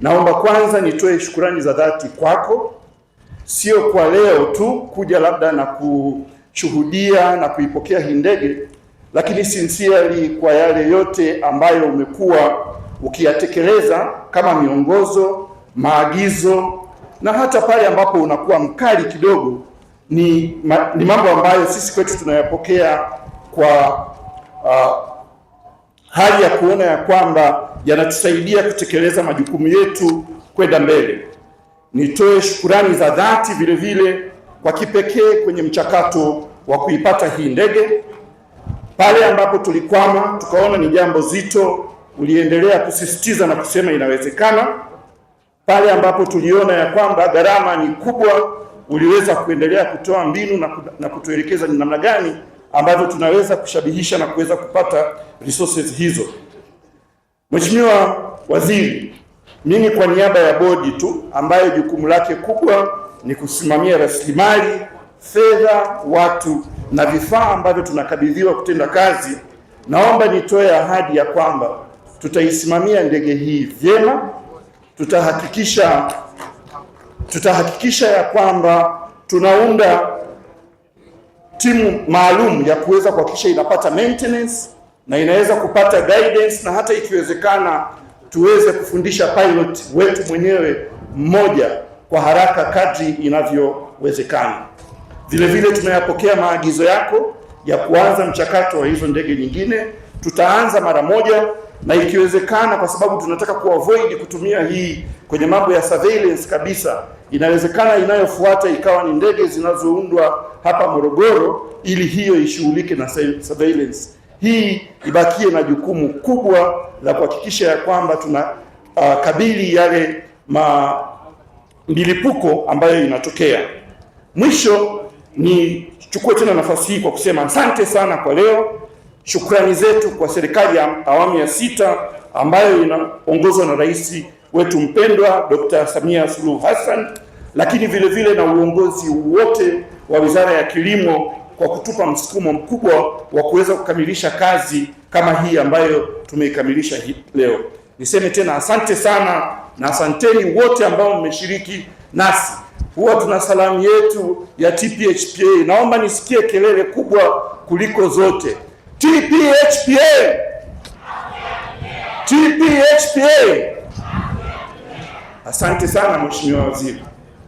Naomba kwanza nitoe shukurani za dhati kwako, sio kwa leo tu kuja labda na kushuhudia na kuipokea hii ndege, lakini sincerely kwa yale yote ambayo umekuwa ukiyatekeleza kama miongozo, maagizo na hata pale ambapo unakuwa mkali kidogo ni, ma, ni mambo ambayo sisi kwetu tunayapokea kwa uh, hali ya kuona ya kwamba yanatusaidia kutekeleza majukumu yetu kwenda mbele. Nitoe shukurani za dhati vile vile kwa kipekee kwenye mchakato wa kuipata hii ndege. Pale ambapo tulikwama, tukaona ni jambo zito, uliendelea kusisitiza na kusema inawezekana. Pale ambapo tuliona ya kwamba gharama ni kubwa, uliweza kuendelea kutoa mbinu na kutuelekeza ni namna gani ambavyo tunaweza kushabihisha na kuweza kupata resources hizo. Mheshimiwa Waziri, mimi kwa niaba ya bodi tu ambayo jukumu lake kubwa ni kusimamia rasilimali fedha, watu na vifaa ambavyo tunakabidhiwa kutenda kazi, naomba nitoe ahadi ya kwamba tutaisimamia ndege hii vyema, tutahakikisha tutahakikisha ya kwamba tunaunda timu maalum ya kuweza kuhakikisha inapata maintenance na inaweza kupata guidance na hata ikiwezekana tuweze kufundisha pilot wetu mwenyewe mmoja kwa haraka kadri inavyowezekana. Vile vile tunayapokea maagizo yako ya kuanza mchakato wa hizo ndege nyingine. Tutaanza mara moja na ikiwezekana, kwa sababu tunataka kuavoid kutumia hii kwenye mambo ya surveillance kabisa. Inawezekana inayofuata ikawa ni ndege zinazoundwa hapa Morogoro, ili hiyo ishughulike na surveillance. Hii ibakie na jukumu kubwa la kuhakikisha ya kwamba tuna uh, kabili yale ma milipuko ambayo inatokea. Mwisho nichukue tena nafasi hii kwa kusema asante sana kwa leo. Shukrani zetu kwa serikali ya awamu ya sita ambayo inaongozwa na Rais wetu mpendwa Dr. Samia Suluhu Hassan, lakini vile vile na uongozi wote wa Wizara ya Kilimo kwa kutupa msukumo mkubwa wa kuweza kukamilisha kazi kama hii ambayo tumeikamilisha hii leo. Niseme tena asante sana na asanteni wote ambao mmeshiriki nasi. Huwa tuna salamu yetu ya TPHPA, naomba nisikie kelele kubwa kuliko zote. TPHPA! TPHPA! Asante sana Mheshimiwa Waziri.